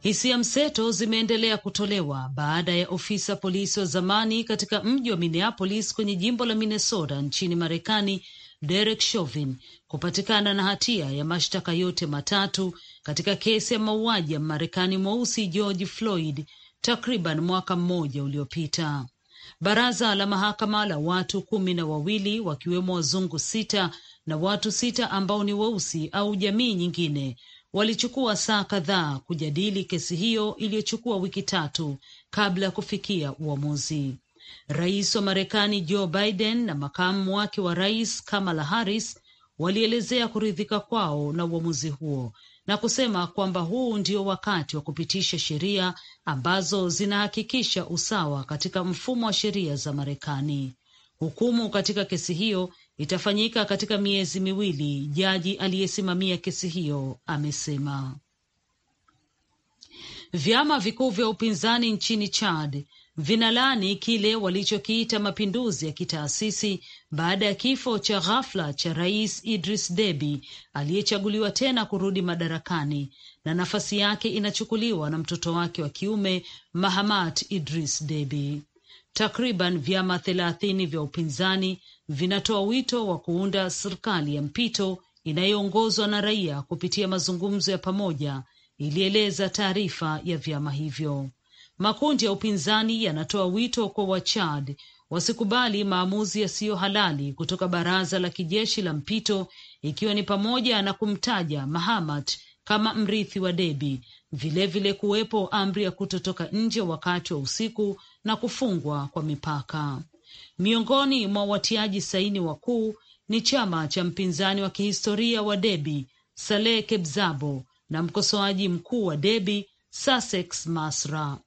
Hisia mseto zimeendelea kutolewa baada ya ofisa polisi wa zamani katika mji wa Minneapolis kwenye jimbo la Minnesota nchini Marekani, Derek Chauvin kupatikana na hatia ya mashtaka yote matatu katika kesi ya mauaji ya Marekani mweusi George Floyd takriban mwaka mmoja uliopita. Baraza la mahakama la watu kumi na wawili wakiwemo wazungu sita na watu sita ambao ni weusi au jamii nyingine walichukua saa kadhaa kujadili kesi hiyo iliyochukua wiki tatu kabla ya kufikia uamuzi. Rais wa Marekani Joe Biden na makamu wake wa rais Kamala Harris walielezea kuridhika kwao na uamuzi huo na kusema kwamba huu ndio wakati wa kupitisha sheria ambazo zinahakikisha usawa katika mfumo wa sheria za Marekani. Hukumu katika kesi hiyo itafanyika katika miezi miwili, jaji aliyesimamia kesi hiyo amesema. Vyama vikuu vya upinzani nchini Chad vinalani kile walichokiita mapinduzi ya kitaasisi baada ya kifo cha ghafla cha rais Idris Deby aliyechaguliwa tena kurudi madarakani na nafasi yake inachukuliwa na mtoto wake wa kiume Mahamat Idris Deby. Takriban vyama thelathini vya upinzani vinatoa wito wa kuunda serikali ya mpito inayoongozwa na raia kupitia mazungumzo ya pamoja, ilieleza taarifa ya vyama hivyo. Makundi ya upinzani yanatoa wito kwa Wachad wasikubali maamuzi yasiyo halali kutoka baraza la kijeshi la mpito, ikiwa ni pamoja na kumtaja Mahamat kama mrithi wa Debi, vilevile kuwepo amri ya kutotoka nje wakati wa usiku na kufungwa kwa mipaka. Miongoni mwa watiaji saini wakuu ni chama cha mpinzani wa kihistoria wa Debi Saleh Kebzabo na mkosoaji mkuu wa Debi Sasex Masra.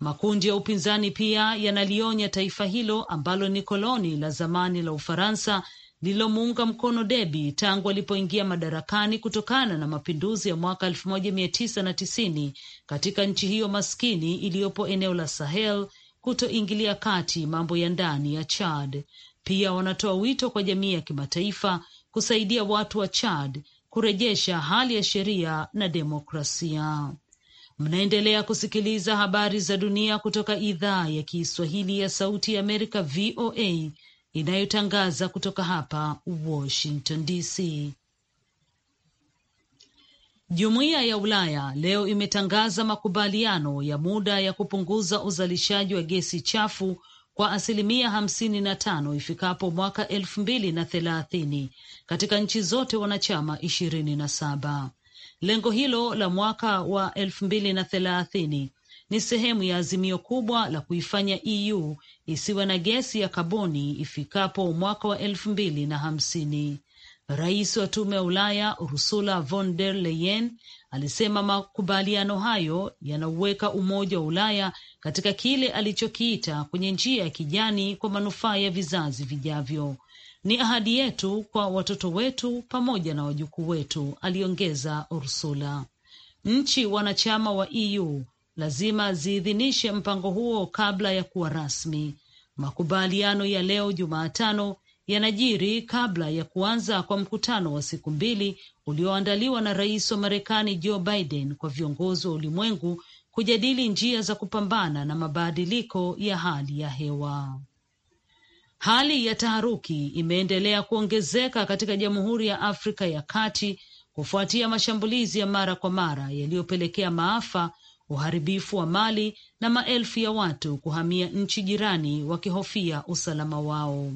Makundi ya upinzani pia yanalionya taifa hilo ambalo ni koloni la zamani la Ufaransa lililomuunga mkono Debi tangu alipoingia madarakani kutokana na mapinduzi ya mwaka 1990 katika nchi hiyo maskini iliyopo eneo la Sahel kutoingilia kati mambo ya ndani ya Chad. Pia wanatoa wito kwa jamii ya kimataifa kusaidia watu wa Chad kurejesha hali ya sheria na demokrasia. Mnaendelea kusikiliza habari za dunia kutoka idhaa ya Kiswahili ya Sauti ya Amerika, VOA, inayotangaza kutoka hapa Washington DC. Jumuiya ya Ulaya leo imetangaza makubaliano ya muda ya kupunguza uzalishaji wa gesi chafu kwa asilimia hamsini na tano ifikapo mwaka elfu mbili na thelathini katika nchi zote wanachama ishirini na saba. Lengo hilo la mwaka wa elfu mbili na thelathini ni sehemu ya azimio kubwa la kuifanya EU isiwe na gesi ya kaboni ifikapo mwaka wa elfu mbili na hamsini. Rais wa Tume ya Ulaya Ursula von der Leyen alisema makubaliano hayo yanauweka Umoja wa Ulaya katika kile alichokiita kwenye njia ya kijani kwa manufaa ya vizazi vijavyo. Ni ahadi yetu kwa watoto wetu pamoja na wajukuu wetu, aliongeza Ursula. Nchi wanachama wa EU lazima ziidhinishe mpango huo kabla ya kuwa rasmi. Makubaliano ya leo Jumatano yanajiri kabla ya kuanza kwa mkutano wa siku mbili ulioandaliwa na rais wa Marekani Joe Biden kwa viongozi wa ulimwengu kujadili njia za kupambana na mabadiliko ya hali ya hewa. Hali ya taharuki imeendelea kuongezeka katika Jamhuri ya Afrika ya Kati kufuatia mashambulizi ya mara kwa mara yaliyopelekea maafa, uharibifu wa mali na maelfu ya watu kuhamia nchi jirani wakihofia usalama wao.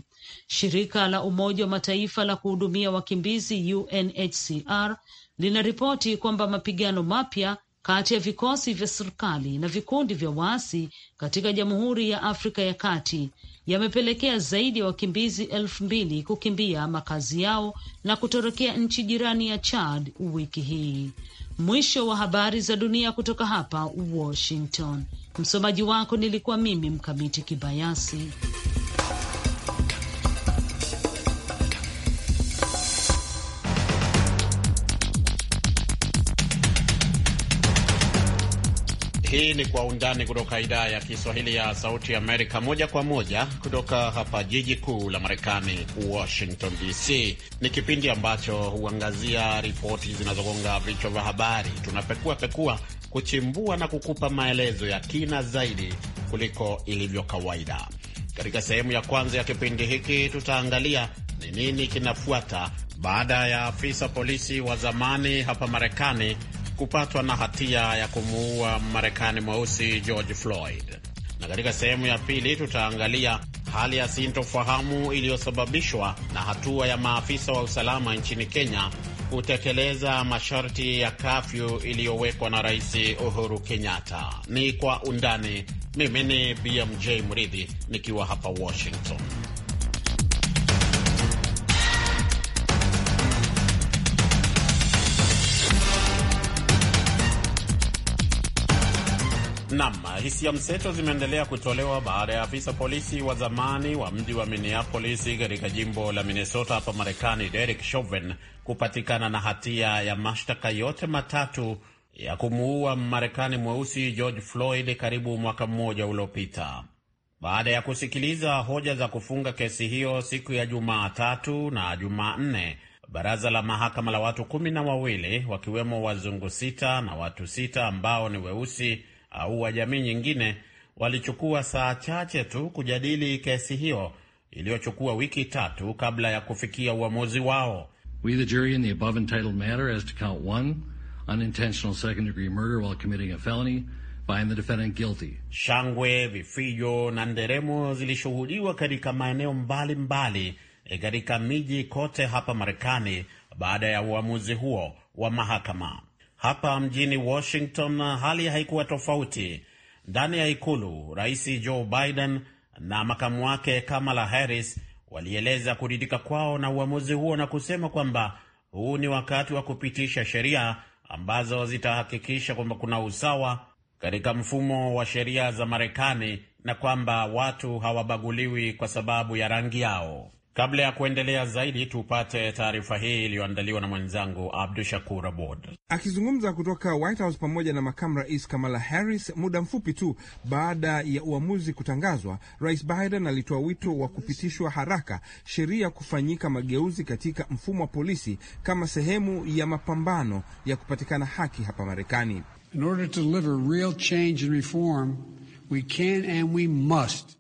Shirika la Umoja wa Mataifa la kuhudumia wakimbizi UNHCR linaripoti kwamba mapigano mapya kati ya vikosi vya serikali na vikundi vya waasi katika Jamhuri ya Afrika ya Kati yamepelekea zaidi ya wakimbizi elfu mbili kukimbia makazi yao na kutorokea nchi jirani ya Chad wiki hii. Mwisho wa habari za dunia kutoka hapa Washington. Msomaji wako nilikuwa mimi Mkamiti Kibayasi. Hii ni Kwa Undani kutoka idhaa ya Kiswahili ya Sauti Amerika, moja kwa moja kutoka hapa jiji kuu la Marekani, Washington DC. Ni kipindi ambacho huangazia ripoti zinazogonga vichwa vya habari. Tunapekua pekua, kuchimbua na kukupa maelezo ya kina zaidi kuliko ilivyo kawaida. Katika sehemu ya kwanza ya kipindi hiki, tutaangalia ni nini kinafuata baada ya afisa polisi wa zamani hapa Marekani kupatwa na hatia ya kumuua Marekani mweusi George Floyd, na katika sehemu ya pili tutaangalia hali ya sintofahamu iliyosababishwa na hatua ya maafisa wa usalama nchini Kenya kutekeleza masharti ya kafyu iliyowekwa na Rais Uhuru Kenyatta. Ni kwa undani. Mimi ni BMJ Mridhi nikiwa hapa Washington. Nam, hisia mseto zimeendelea kutolewa baada ya afisa polisi wa zamani wa mji wa Minneapolis katika jimbo la Minnesota hapa Marekani, Derek Chauvin kupatikana na hatia ya mashtaka yote matatu ya kumuua Mmarekani mweusi George Floyd karibu mwaka mmoja uliopita. Baada ya kusikiliza hoja za kufunga kesi hiyo siku ya Jumatatu na Jumanne, baraza la mahakama la watu kumi na wawili wakiwemo wazungu sita na watu sita ambao ni weusi au wa jamii nyingine walichukua saa chache tu kujadili kesi hiyo iliyochukua wiki tatu kabla ya kufikia uamuzi wao. We the jury in the above entitled matter as to count one, unintentional second degree murder while committing a felony, find the defendant guilty. Shangwe, vifijo na nderemo zilishuhudiwa katika maeneo mbalimbali eh, katika miji kote hapa Marekani baada ya uamuzi huo wa mahakama. Hapa mjini Washington hali haikuwa tofauti. Ndani ya ikulu, Rais Joe Biden na makamu wake Kamala Harris walieleza kuridhika kwao na uamuzi huo na kusema kwamba huu ni wakati wa kupitisha sheria ambazo zitahakikisha kwamba kuna usawa katika mfumo wa sheria za Marekani na kwamba watu hawabaguliwi kwa sababu ya rangi yao. Kabla ya kuendelea zaidi, tupate taarifa hii iliyoandaliwa na mwenzangu Abdu Shakur Abod. Akizungumza kutoka White House pamoja na makamu rais Kamala Harris muda mfupi tu baada ya uamuzi kutangazwa, Rais Biden alitoa wito wa kupitishwa haraka sheria kufanyika mageuzi katika mfumo wa polisi kama sehemu ya mapambano ya kupatikana haki hapa Marekani. In order to deliver real change and reform, we can and we must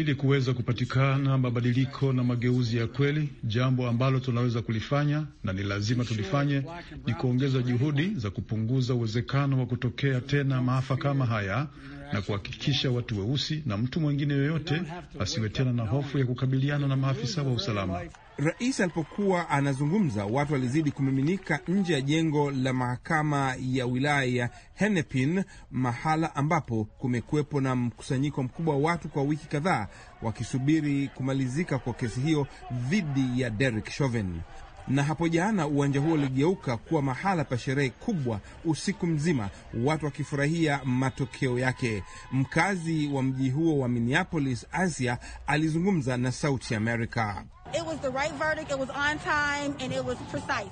ili kuweza kupatikana mabadiliko na mageuzi ya kweli. Jambo ambalo tunaweza kulifanya na ni lazima tulifanye ni kuongeza juhudi za kupunguza uwezekano wa kutokea tena maafa kama haya na kuhakikisha watu weusi na mtu mwingine yoyote asiwe tena na hofu ya kukabiliana na maafisa wa usalama. Rais alipokuwa anazungumza, watu walizidi kumiminika nje ya jengo la mahakama ya wilaya ya Hennepin, mahala ambapo kumekuwepo na mkusanyiko mkubwa wa watu kwa wiki kadhaa wakisubiri kumalizika kwa kesi hiyo dhidi ya Derek Chauvin na hapo jana uwanja huo uligeuka kuwa mahala pa sherehe kubwa, usiku mzima watu wakifurahia matokeo yake. Mkazi wa mji huo wa Minneapolis, Asia, alizungumza na Sauti Amerika.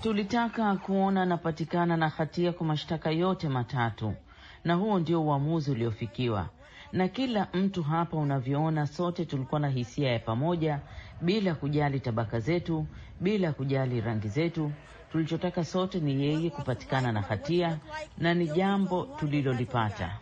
tulitaka kuona anapatikana na hatia kwa mashtaka yote matatu, na huo ndio uamuzi uliofikiwa na kila mtu hapa. Unavyoona, sote tulikuwa na hisia ya pamoja bila kujali tabaka zetu, bila kujali rangi zetu. Tulichotaka sote ni yeye kupatikana na hatia na ni jambo tulilolipata.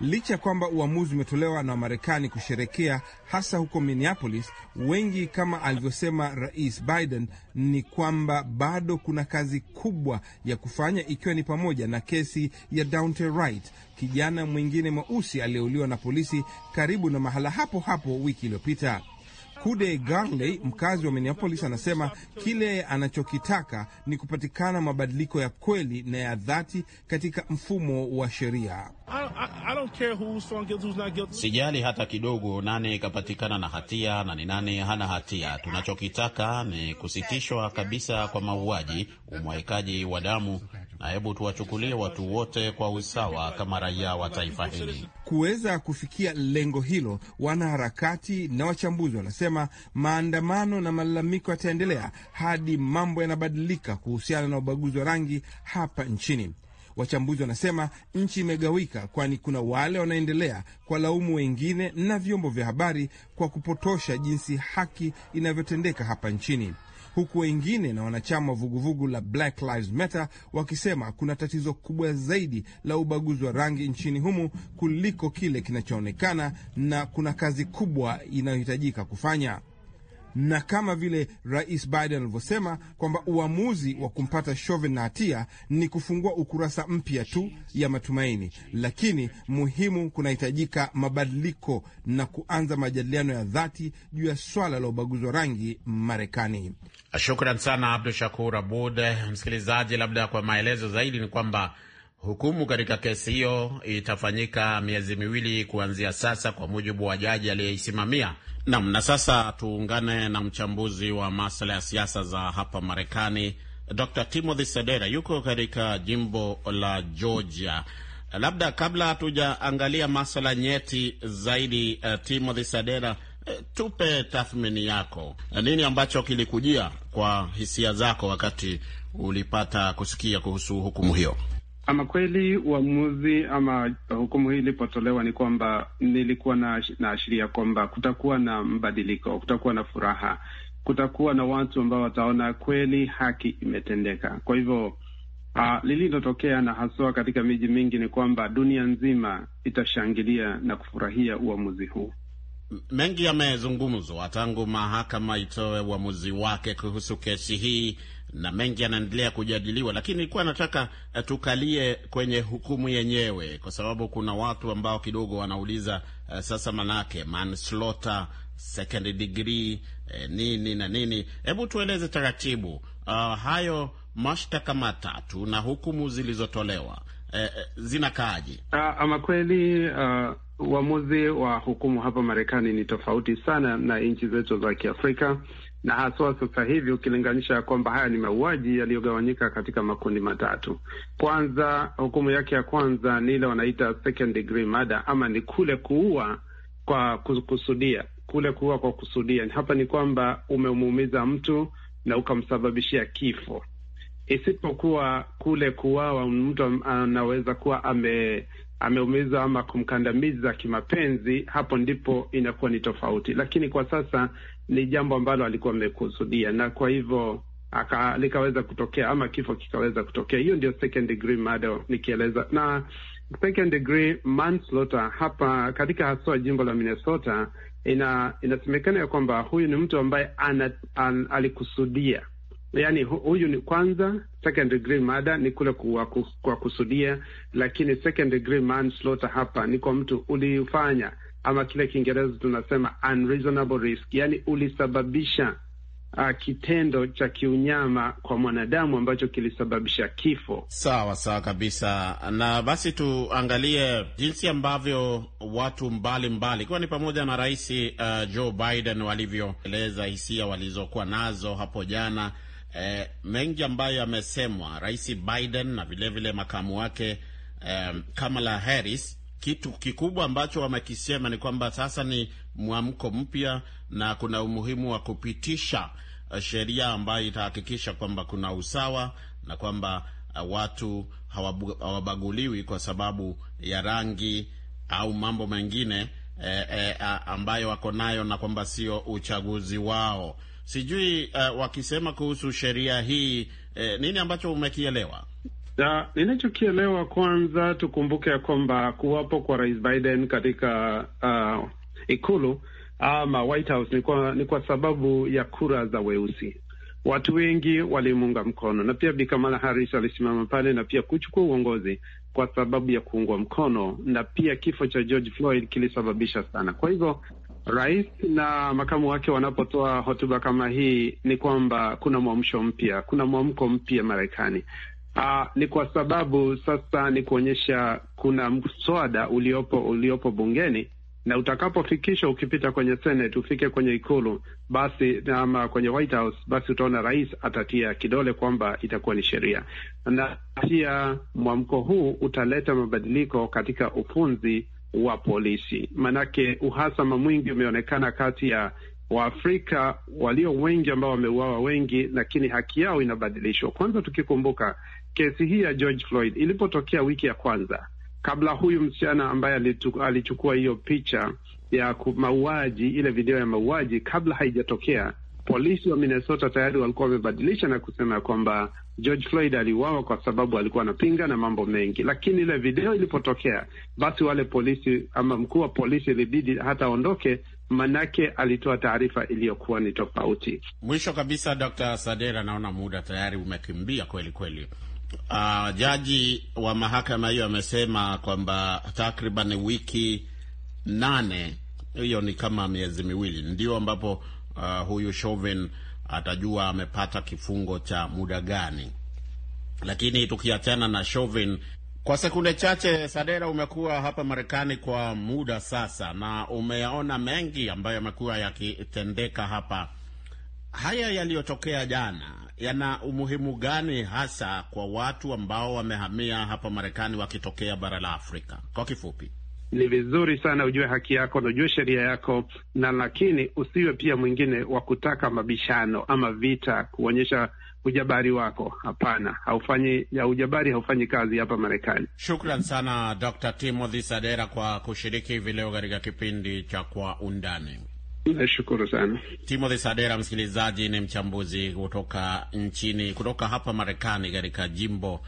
Licha ya kwamba uamuzi umetolewa na Wamarekani kusherekea hasa huko Minneapolis, wengi kama alivyosema Rais Biden ni kwamba bado kuna kazi kubwa ya kufanya, ikiwa ni pamoja na kesi ya Daunte Wright, kijana mwingine mweusi aliyeuliwa na polisi karibu na mahala hapo hapo wiki iliyopita. Hude Garley, mkazi wa Minneapolis, anasema kile anachokitaka ni kupatikana mabadiliko ya kweli na ya dhati katika mfumo wa sheria. Sijali hata kidogo nani ikapatikana na hatia na ni nani hana hatia. Tunachokitaka ni kusitishwa kabisa kwa mauaji, umwaikaji wa damu na hebu tuwachukulie watu wote kwa usawa kama raia wa taifa hili. Kuweza kufikia lengo hilo, wanaharakati na wachambuzi wanasema maandamano na malalamiko yataendelea hadi mambo yanabadilika kuhusiana na ubaguzi wa rangi hapa nchini. Wachambuzi wanasema nchi imegawika, kwani kuna wale wanaendelea kwa laumu wengine na vyombo vya habari kwa kupotosha jinsi haki inavyotendeka hapa nchini huku wengine na wanachama wa vuguvugu la Black Lives Matter wakisema kuna tatizo kubwa zaidi la ubaguzi wa rangi nchini humu kuliko kile kinachoonekana na kuna kazi kubwa inayohitajika kufanya na kama vile Rais Biden alivyosema kwamba uamuzi wa kumpata Chauvin na hatia ni kufungua ukurasa mpya tu ya matumaini, lakini muhimu, kunahitajika mabadiliko na kuanza majadiliano ya dhati juu ya swala la ubaguzi wa rangi Marekani. Shukran sana Abdu Shakur Abud. Msikilizaji, labda kwa maelezo zaidi ni kwamba hukumu katika kesi hiyo itafanyika miezi miwili kuanzia sasa, kwa mujibu wa jaji aliyeisimamia. Nam, na sasa tuungane na mchambuzi wa masuala ya siasa za hapa Marekani, Dr. Timothy Sedera yuko katika jimbo la Georgia. Labda kabla hatujaangalia masuala nyeti zaidi, uh, Timothy Sedera, uh, tupe tathmini yako, eh, nini ambacho kilikujia kwa hisia zako wakati ulipata kusikia kuhusu hukumu hiyo? Ama kweli uamuzi ama hukumu hii ilipotolewa ni kwamba nilikuwa na ashiria kwamba kutakuwa na mbadiliko, kutakuwa na furaha, kutakuwa na watu ambao wataona kweli haki imetendeka. Kwa hivyo uh, lililotokea na haswa katika miji mingi ni kwamba dunia nzima itashangilia na kufurahia uamuzi huu mengi yamezungumzwa tangu mahakama itoe uamuzi wake kuhusu kesi hii na mengi yanaendelea kujadiliwa, lakini nilikuwa nataka eh, tukalie kwenye hukumu yenyewe, kwa sababu kuna watu ambao kidogo wanauliza eh, sasa manake manslaughter second degree eh, nini na nini. Hebu tueleze taratibu uh, hayo mashtaka matatu na hukumu zilizotolewa Eh, eh, zinakaaje? Ah, ama kweli uh, uamuzi wa hukumu hapa Marekani ni tofauti sana na nchi zetu za Kiafrika na haswa sasa hivi ukilinganisha kwamba haya ni mauaji yaliyogawanyika katika makundi matatu. Kwanza, hukumu yake ya kwanza ni ile wanaita second degree murder, ama ni kule kuua kwa kusudia Kule kuua kwa kusudia hapa ni kwamba umemuumiza mtu na ukamsababishia kifo isipokuwa kule kuwawa, mtu anaweza kuwa ame ameumizwa ama kumkandamiza kimapenzi, hapo ndipo inakuwa ni tofauti. Lakini kwa sasa ni jambo ambalo alikuwa amekusudia, na kwa hivyo aka, likaweza kutokea ama kifo kikaweza kutokea. Hiyo ndio second degree murder nikieleza, na second degree manslaughter hapa katika haswa jimbo la Minnesota ina, inasemekana ya kwamba huyu ni mtu ambaye ana, an, alikusudia yani huyu ni kwanza, second degree murder ni kule kwa, kwa kusudia, lakini second degree manslaughter hapa ni kwa mtu ulifanya, ama kile Kiingereza tunasema unreasonable risk, yani ulisababisha Uh, kitendo cha kiunyama kwa mwanadamu ambacho kilisababisha kifo. Sawa sawa kabisa. Na basi tuangalie jinsi ambavyo watu mbalimbali ikiwa mbali, ni pamoja na Rais uh, Joe Biden walivyoeleza hisia walizokuwa nazo hapo jana eh, mengi ambayo yamesemwa Rais Biden na vilevile vile makamu wake eh, Kamala Harris. Kitu kikubwa ambacho wamekisema ni kwamba sasa ni mwamko mpya na kuna umuhimu wa kupitisha eh, sheria ambayo itahakikisha kwamba kuna usawa na kwamba eh, watu hawabaguliwi kwa sababu ya rangi au mambo mengine eh, eh, ambayo wako nayo na kwamba sio uchaguzi wao. Sijui uh, wakisema kuhusu sheria hii eh, nini ambacho umekielewa? Ja, ninachokielewa kwanza, tukumbuke ya kwamba kuwapo kwa Rais Biden katika uh, ikulu ama White House ni kwa, ni kwa sababu ya kura za weusi. Watu wengi walimuunga mkono, na pia Bi Kamala Harris alisimama pale na pia kuchukua uongozi kwa sababu ya kuungwa mkono, na pia kifo cha George Floyd kilisababisha sana. Kwa hivyo Rais na makamu wake wanapotoa hotuba kama hii, ni kwamba kuna mwamsho mpya, kuna mwamko mpya Marekani. Aa, ah, ni kwa sababu sasa ni kuonyesha kuna mswada uliopo uliopo bungeni na utakapofikishwa ukipita kwenye Senate ufike kwenye ikulu basi ama kwenye White House, basi utaona rais atatia kidole kwamba itakuwa ni sheria, na pia mwamko huu utaleta mabadiliko katika ufunzi wa polisi. Manake uhasama mwingi umeonekana kati ya Waafrika walio wengi ambao wameuawa wengi, lakini haki yao inabadilishwa. Kwanza tukikumbuka kesi hii ya George Floyd ilipotokea wiki ya kwanza, kabla huyu msichana ambaye alichukua hiyo picha ya mauaji, ile video ya mauaji, kabla haijatokea polisi wa Minnesota tayari walikuwa wamebadilisha na kusema kwamba George Floyd aliuawa kwa sababu alikuwa anapinga na mambo mengi, lakini ile video ilipotokea, basi wale polisi ama mkuu wa polisi ilibidi hata aondoke, manake alitoa taarifa iliyokuwa ni tofauti. Mwisho kabisa, Dr. Sadera, naona muda tayari umekimbia kweli kweli. Uh, jaji wa mahakama hiyo amesema kwamba takriban wiki nane, hiyo ni kama miezi miwili, ndio ambapo uh, huyu Chauvin atajua amepata kifungo cha muda gani. Lakini tukiachana na Chauvin kwa sekunde chache, Sadera, umekuwa hapa Marekani kwa muda sasa na umeyaona mengi ambayo yamekuwa yakitendeka hapa. Haya yaliyotokea jana yana umuhimu gani hasa kwa watu ambao wamehamia hapa Marekani wakitokea bara la Afrika? Kwa kifupi ni vizuri sana ujue haki yako na ujue sheria yako, na lakini usiwe pia mwingine wa kutaka mabishano ama vita, kuonyesha ujabari wako. Hapana, haufanyi ya ujabari, haufanyi kazi hapa Marekani. Shukran sana Dr. Timothy Sadera kwa kushiriki hivi leo katika kipindi cha Kwa Undani. Nashukuru sana Timothy Sadera. Msikilizaji, ni mchambuzi kutoka nchini, kutoka hapa Marekani, katika jimbo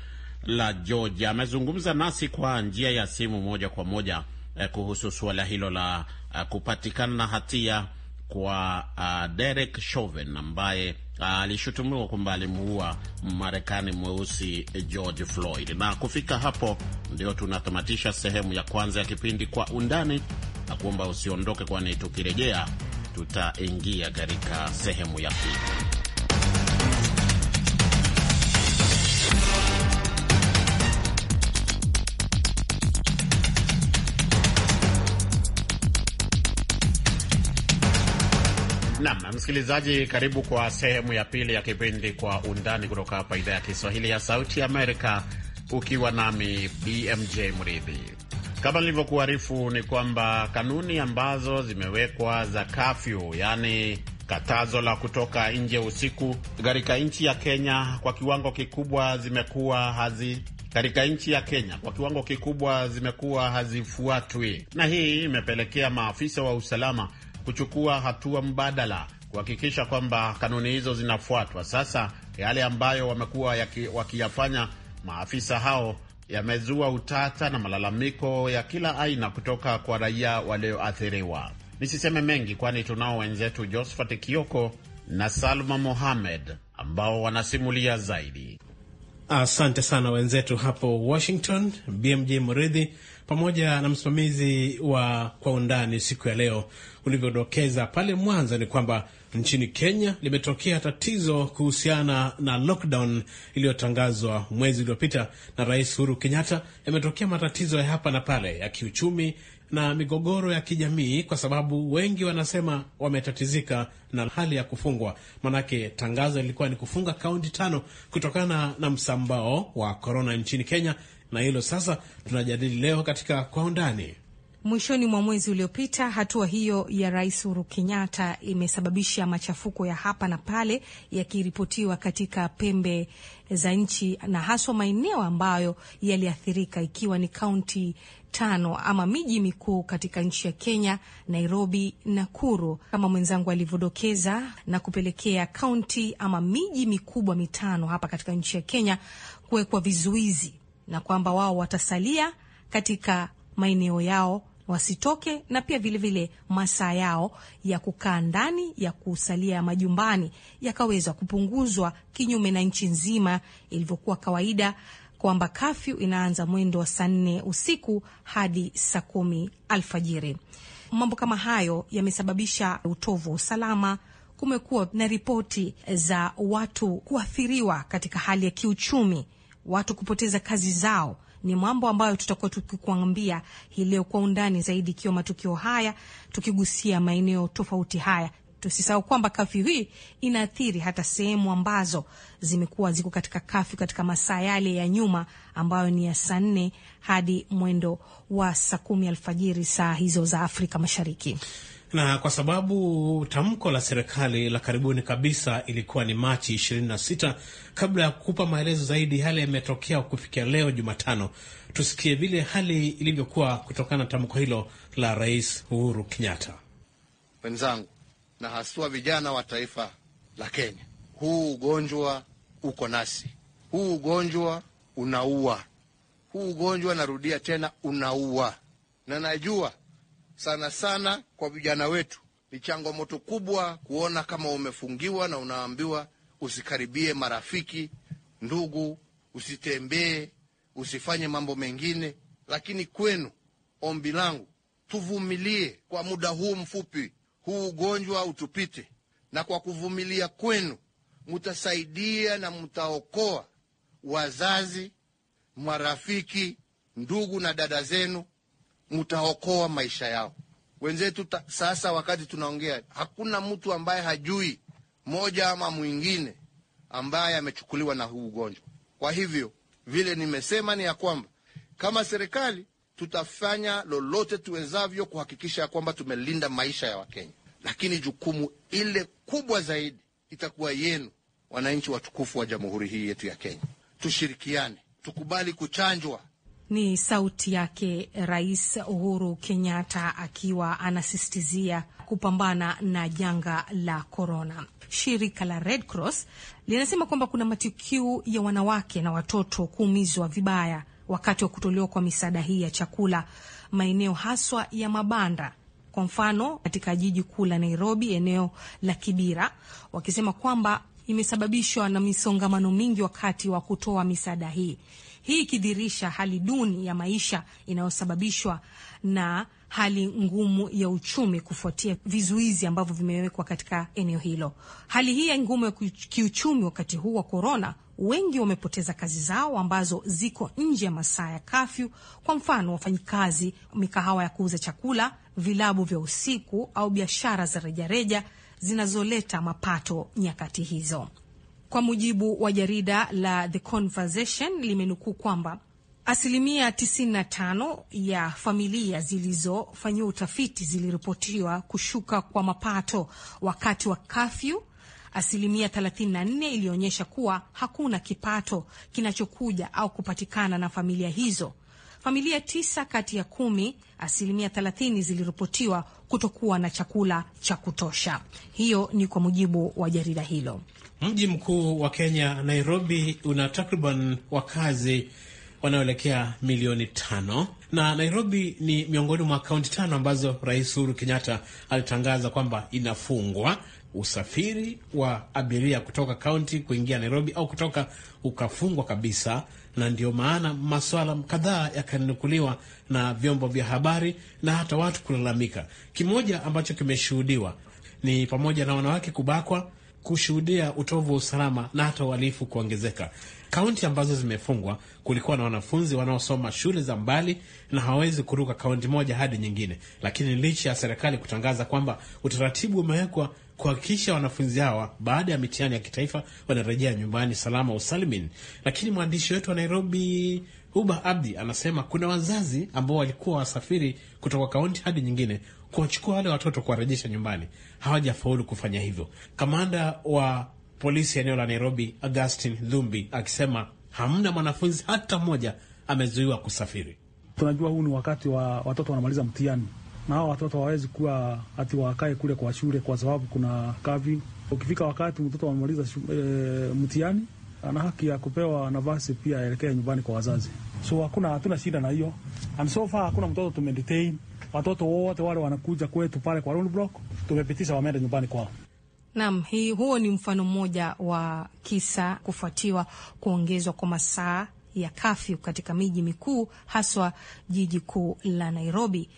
la Georgia. Amezungumza nasi kwa njia ya simu moja kwa moja eh, kuhusu suala hilo la uh, kupatikana hatia kwa uh, Derek Chauvin ambaye eh, alishutumiwa uh, kwamba alimuua Marekani mweusi George Floyd. Na kufika hapo ndio tunatamatisha sehemu ya kwanza ya kipindi Kwa Undani, na kuomba usiondoke, kwani tukirejea tutaingia katika sehemu ya pili. Nam msikilizaji, karibu kwa sehemu ya pili ya kipindi Kwa Undani kutoka hapa idhaa ya Kiswahili ya Sauti Amerika, ukiwa nami BMJ Mridhi. Kama nilivyokuarifu ni kwamba kanuni ambazo zimewekwa za kafyu, yaani katazo la kutoka nje usiku katika nchi ya Kenya kwa kiwango kikubwa zimekuwa hazi katika nchi ya Kenya kwa kiwango kikubwa zimekuwa hazifuatwi, na hii imepelekea maafisa wa usalama kuchukua hatua mbadala kuhakikisha kwamba kanuni hizo zinafuatwa. Sasa yale ambayo wamekuwa wakiyafanya maafisa hao yamezua utata na malalamiko ya kila aina kutoka kwa raia walioathiriwa. Nisiseme mengi, kwani tunao wenzetu Josphat Kioko na Salma Mohamed ambao wanasimulia zaidi. Asante sana wenzetu hapo Washington, BMJ Muridhi pamoja na msimamizi wa Kwa Undani siku ya leo. Ulivyodokeza pale Mwanza ni kwamba nchini Kenya limetokea tatizo kuhusiana na lockdown iliyotangazwa mwezi uliopita na Rais Uhuru Kenyatta. Yametokea matatizo ya hapa na pale ya kiuchumi na migogoro ya kijamii, kwa sababu wengi wanasema wametatizika na hali ya kufungwa. Manake tangazo lilikuwa ni kufunga kaunti tano kutokana na msambao wa korona nchini Kenya, na hilo sasa tunajadili leo katika kwa undani. Mwishoni mwa mwezi uliopita, hatua hiyo ya Rais Uhuru Kenyatta imesababisha machafuko ya hapa na pale yakiripotiwa katika pembe za nchi na haswa maeneo ambayo yaliathirika, ikiwa ni kaunti tano ama miji mikuu katika nchi ya Kenya, Nairobi, Nakuru, kama mwenzangu alivyodokeza, na kupelekea kaunti ama miji mikubwa mitano hapa katika nchi ya Kenya kuwekwa vizuizi na kwamba wao watasalia katika maeneo yao wasitoke, na pia vilevile masaa yao ya kukaa ndani ya kusalia majumbani yakaweza kupunguzwa, kinyume na nchi nzima ilivyokuwa kawaida kwamba kafyu inaanza mwendo wa saa nne usiku hadi saa kumi alfajiri. Mambo kama hayo yamesababisha utovu wa usalama. Kumekuwa na ripoti za watu kuathiriwa katika hali ya kiuchumi watu kupoteza kazi zao ni mambo ambayo tutakuwa tukikuambia hii leo kwa undani zaidi, ikiwa matukio haya tukigusia maeneo tofauti haya. Tusisahau kwamba kafyu hii inaathiri hata sehemu ambazo zimekuwa ziko katika kafyu katika masaa yale ya nyuma ambayo ni ya saa nne hadi mwendo wa saa kumi alfajiri saa hizo za Afrika Mashariki na kwa sababu tamko la serikali la karibuni kabisa ilikuwa ni Machi 26. Kabla ya kukupa maelezo zaidi yale yametokea kufikia leo Jumatano, tusikie vile hali ilivyokuwa kutokana na tamko hilo la Rais Uhuru Kenyatta. Wenzangu na haswa vijana wa taifa la Kenya, huu ugonjwa uko nasi, huu ugonjwa unaua, huu ugonjwa narudia tena, unaua na najua sana sana kwa vijana wetu. Ni changamoto kubwa kuona kama umefungiwa na unaambiwa usikaribie marafiki, ndugu, usitembee, usifanye mambo mengine. Lakini kwenu, ombi langu tuvumilie kwa muda huu mfupi, huu ugonjwa utupite, na kwa kuvumilia kwenu mutasaidia na mutaokoa wazazi, marafiki, ndugu na dada zenu mtaokoa maisha yao. Wenzetu ta, sasa wakati tunaongea, hakuna mtu ambaye hajui moja ama mwingine ambaye amechukuliwa na huu ugonjwa. Kwa hivyo vile nimesema ni ya kwamba kama serikali tutafanya lolote tuwezavyo kuhakikisha ya kwamba tumelinda maisha ya Wakenya, lakini jukumu ile kubwa zaidi itakuwa yenu, wananchi watukufu wa jamhuri hii yetu ya Kenya. Tushirikiane, tukubali kuchanjwa ni sauti yake Rais Uhuru Kenyatta akiwa anasisitizia kupambana na janga la korona. Shirika la Red Cross linasema kwamba kuna matukio ya wanawake na watoto kuumizwa vibaya wakati wa kutolewa kwa misaada hii ya chakula maeneo haswa ya mabanda. Kwa mfano katika jiji kuu la Nairobi, eneo la Kibira, wakisema kwamba imesababishwa na misongamano mingi wakati wa kutoa misaada hii hii ikidhirisha hali duni ya maisha inayosababishwa na hali ngumu ya uchumi kufuatia vizuizi ambavyo vimewekwa katika eneo hilo. Hali hii ya ngumu ya kiuchumi wakati huu wa korona, wengi wamepoteza kazi zao ambazo ziko nje ya masaa ya kafyu. Kwa mfano, wafanyikazi mikahawa ya kuuza chakula, vilabu vya usiku au biashara za rejareja zinazoleta mapato nyakati hizo. Kwa mujibu wa jarida la The Conversation limenukuu kwamba asilimia 95 ya familia zilizofanyiwa utafiti ziliripotiwa kushuka kwa mapato wakati wa kafyu. Asilimia 34 ilionyesha kuwa hakuna kipato kinachokuja au kupatikana na familia hizo. Familia tisa kati ya kumi, asilimia 30 ziliripotiwa kutokuwa na chakula cha kutosha. Hiyo ni kwa mujibu wa jarida hilo. Mji mkuu wa Kenya, Nairobi, una takriban wakazi wanaoelekea milioni tano na Nairobi ni miongoni mwa kaunti tano ambazo Rais Uhuru Kenyatta alitangaza kwamba inafungwa usafiri wa abiria kutoka kaunti kuingia Nairobi au kutoka ukafungwa kabisa, na ndio maana maswala kadhaa yakanukuliwa na vyombo vya habari na hata watu kulalamika. Kimoja ambacho kimeshuhudiwa ni pamoja na wanawake kubakwa kushuhudia utovu wa usalama na hata uhalifu kuongezeka. Kaunti ambazo zimefungwa, kulikuwa na wanafunzi wanaosoma shule za mbali na hawawezi kuruka kaunti moja hadi nyingine, lakini licha ya serikali kutangaza kwamba utaratibu umewekwa kuhakikisha wanafunzi hawa baada ya mitihani ya kitaifa wanarejea nyumbani salama usalimin, lakini mwandishi wetu wa Nairobi Uba Abdi anasema kuna wazazi ambao walikuwa wasafiri kutoka kaunti hadi nyingine kuwachukua wale watoto kuwarejesha nyumbani, hawajafaulu kufanya hivyo. Kamanda wa polisi eneo la Nairobi, Augustin Dhumbi, akisema hamna mwanafunzi hata mmoja amezuiwa kusafiri. Tunajua huu ni wakati wa watoto wanamaliza mtihani, na hawa watoto hawawezi kuwa hati wakae kule kwa shule kwa sababu kuna kavi. Ukifika wakati mtoto wamemaliza e, eh, mtihani ana haki ya kupewa nafasi pia aelekee nyumbani kwa wazazi. So hakuna hatuna shida na hiyo, and so far hakuna mtoto tumedetain watoto wote wale wanakuja kwetu pale kwa Block, tumepitisha wameenda nyumbani kwao. Naam, hii huo ni mfano mmoja wa kisa kufuatiwa kuongezwa kwa masaa ya kafyu katika miji mikuu haswa jiji kuu la Nairobi.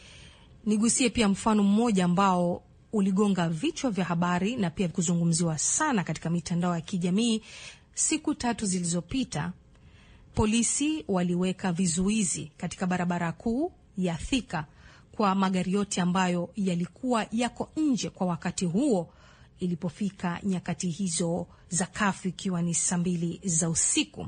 Nigusie pia mfano mmoja ambao uligonga vichwa vya habari na pia kuzungumziwa sana katika mitandao ya kijamii siku tatu zilizopita. Polisi waliweka vizuizi katika barabara kuu ya Thika kwa magari yote ambayo yalikuwa yako nje kwa wakati huo ilipofika nyakati hizo za kafu ikiwa ni saa mbili za usiku.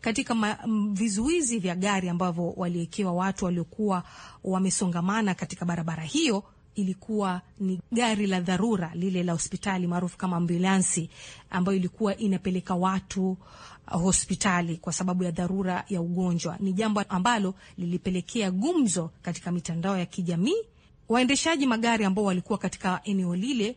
Katika ma, m, vizuizi vya gari ambavyo waliwekewa watu waliokuwa wamesongamana katika barabara hiyo ilikuwa ni gari la dharura lile la hospitali maarufu kama ambulansi, ambayo ilikuwa inapeleka watu uh, hospitali kwa sababu ya dharura ya ugonjwa. Ni jambo ambalo lilipelekea gumzo katika mitandao ya kijamii. Waendeshaji magari ambao walikuwa katika eneo lile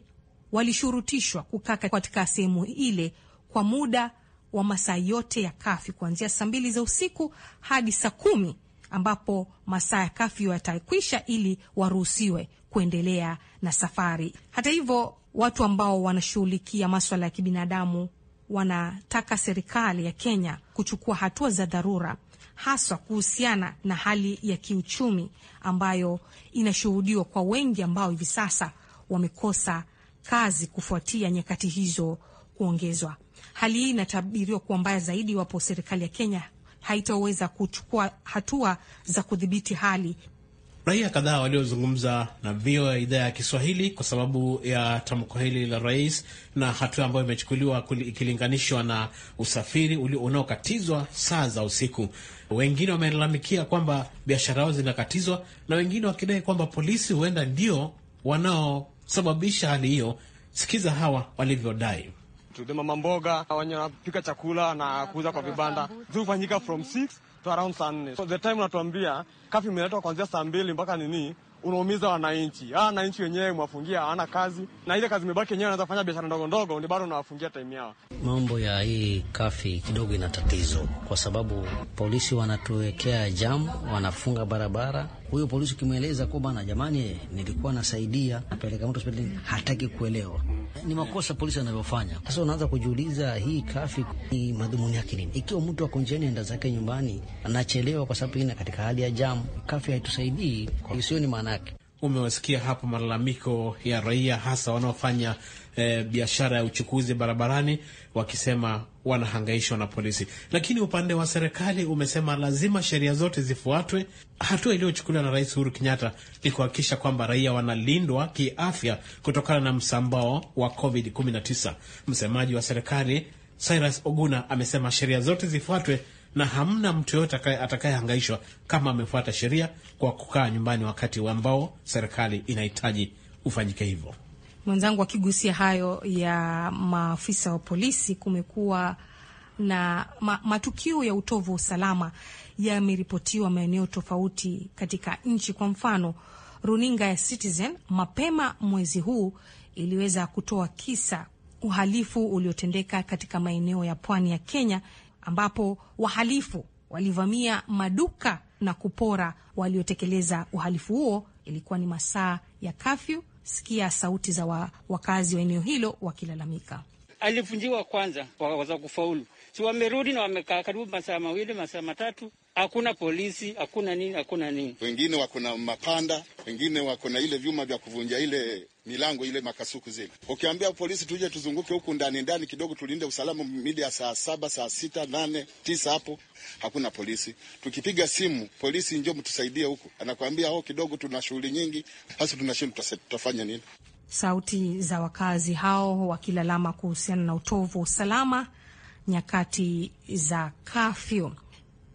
walishurutishwa kukaa katika sehemu ile kwa muda wa masaa yote ya kafi kuanzia saa mbili za usiku hadi saa kumi ambapo masaa ya kafyu yatakwisha ili waruhusiwe kuendelea na safari. Hata hivyo, watu ambao wanashughulikia maswala ya kibinadamu wanataka serikali ya Kenya kuchukua hatua za dharura haswa kuhusiana na hali ya kiuchumi ambayo inashuhudiwa kwa wengi ambao hivi sasa wamekosa kazi kufuatia nyakati hizo kuongezwa. Hali hii inatabiriwa kuwa mbaya zaidi iwapo serikali ya Kenya haitaweza kuchukua hatua za kudhibiti hali. Raia kadhaa waliozungumza na VOA idhaa ya Kiswahili kwa sababu ya tamko hili la rais na hatua ambayo imechukuliwa ikilinganishwa na usafiri unaokatizwa saa za usiku. Wengine wamelalamikia kwamba biashara ao zinakatizwa na wengine wakidai kwamba polisi huenda ndio wanaosababisha hali hiyo. Sikiza hawa walivyodai. Tulima mamboga wenye wanapika chakula na kuuza kwa vibanda zilifanyika from to around saa nne. So the time unatuambia kafi imeletwa kuanzia saa mbili mpaka nini, unaumiza wananchi. Ah, wananchi wenyewe mwafungia, hawana kazi, na ile kazi imebaki yenyewe anaweza kufanya biashara ndogo ndogo, ni bado unawafungia time yao. Mambo ya hii kafi kidogo ina tatizo, kwa sababu polisi wanatuwekea jamu, wanafunga barabara huyo polisi ukimweleza kuwa bana, jamani, nilikuwa nasaidia napeleka mtu hospitali, hataki kuelewa. Ni makosa polisi anavyofanya. Sasa unaanza kujiuliza hii kafi ni madhumuni yake nini? Ikiwa mtu ako njiani enda zake nyumbani anachelewa kwa sababu ina katika hali ya jamu, kafi haitusaidii, sio ni maana yake. Umewasikia hapo malalamiko ya raia hasa wanaofanya e, biashara ya uchukuzi barabarani, wakisema wanahangaishwa na polisi. Lakini upande wa serikali umesema lazima sheria zote zifuatwe. Hatua iliyochukuliwa na Rais Uhuru Kenyatta ni kuhakikisha kwamba raia wanalindwa kiafya kutokana na msambao wa COVID-19. Msemaji wa serikali Cyrus Oguna amesema sheria zote zifuatwe na hamna mtu yoyote atakayehangaishwa kama amefuata sheria kwa kukaa nyumbani wakati ambao serikali inahitaji ufanyike hivyo mwenzangu akigusia hayo ya maafisa wa polisi, kumekuwa na ma, matukio ya utovu wa usalama yameripotiwa maeneo tofauti katika nchi. Kwa mfano, runinga ya Citizen mapema mwezi huu iliweza kutoa kisa uhalifu uliotendeka katika maeneo ya pwani ya Kenya ambapo wahalifu walivamia maduka na kupora. Waliotekeleza uhalifu huo ilikuwa ni masaa ya kafyu sikia sauti za wakazi wa eneo hilo wakilalamika. Alifunjiwa kwanza kwa kufaulu si wamerudi na wamekaa karibu masaa mawili masaa matatu, hakuna polisi, hakuna nini, hakuna nini. Wengine wako na mapanda, wengine wako na ile vyuma vya kuvunja ile milango ile makasuku zile. Ukiambia polisi tuje tuzunguke huku ndani ndani kidogo tulinde usalama mida ya saa saba saa sita nane tisa hapo hakuna polisi. Tukipiga simu polisi, njoo mtusaidie huku, anakuambia ho, oh, kidogo tuna shughuli nyingi, hasa tunashinda tutafanya nini. Sauti za wakazi hao wakilalama kuhusiana na utovu wa usalama nyakati za kafyu.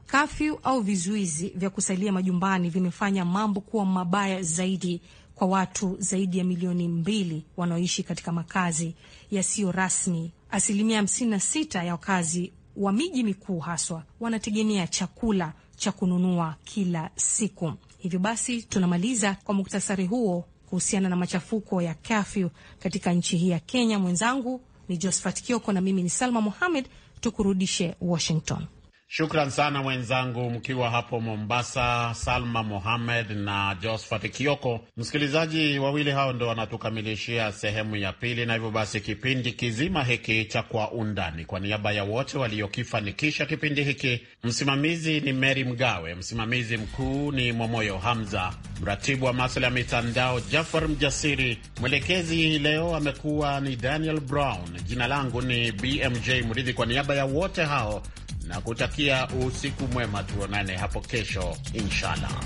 Kafyu au vizuizi vya kusalia majumbani vimefanya mambo kuwa mabaya zaidi kwa watu zaidi ya milioni mbili wanaoishi katika makazi yasiyo rasmi. Asilimia 56 ya wakazi wa miji mikuu haswa wanategemea chakula cha kununua kila siku. Hivyo basi tunamaliza kwa muktasari huo kuhusiana na machafuko ya kafyu katika nchi hii ya Kenya. Mwenzangu ni Josphat Kioko na mimi ni Salma Mohamed tukurudishe Washington. Shukran sana mwenzangu, mkiwa hapo Mombasa, Salma Mohamed na Josphat Kioko. Msikilizaji, wawili hao ndo wanatukamilishia sehemu ya pili, na hivyo basi kipindi kizima hiki cha Kwa Undani, kwa niaba ya wote waliokifanikisha kipindi hiki, msimamizi ni Meri Mgawe, msimamizi mkuu ni Mwamoyo Hamza, mratibu wa maswala ya mitandao Jafar Mjasiri, mwelekezi hii leo amekuwa ni Daniel Brown, jina langu ni BMJ Mridhi. Kwa niaba ya wote hao na kutakia usiku mwema, tuonane hapo kesho inshallah.